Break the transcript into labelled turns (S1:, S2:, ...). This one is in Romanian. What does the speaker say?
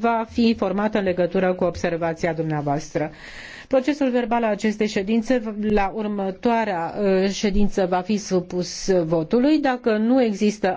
S1: va fi informată în legătură cu observația dumneavoastră. Procesul verbal al acestei ședințe la următoarea uh, ședință va fi supus votului.
S2: Dacă nu există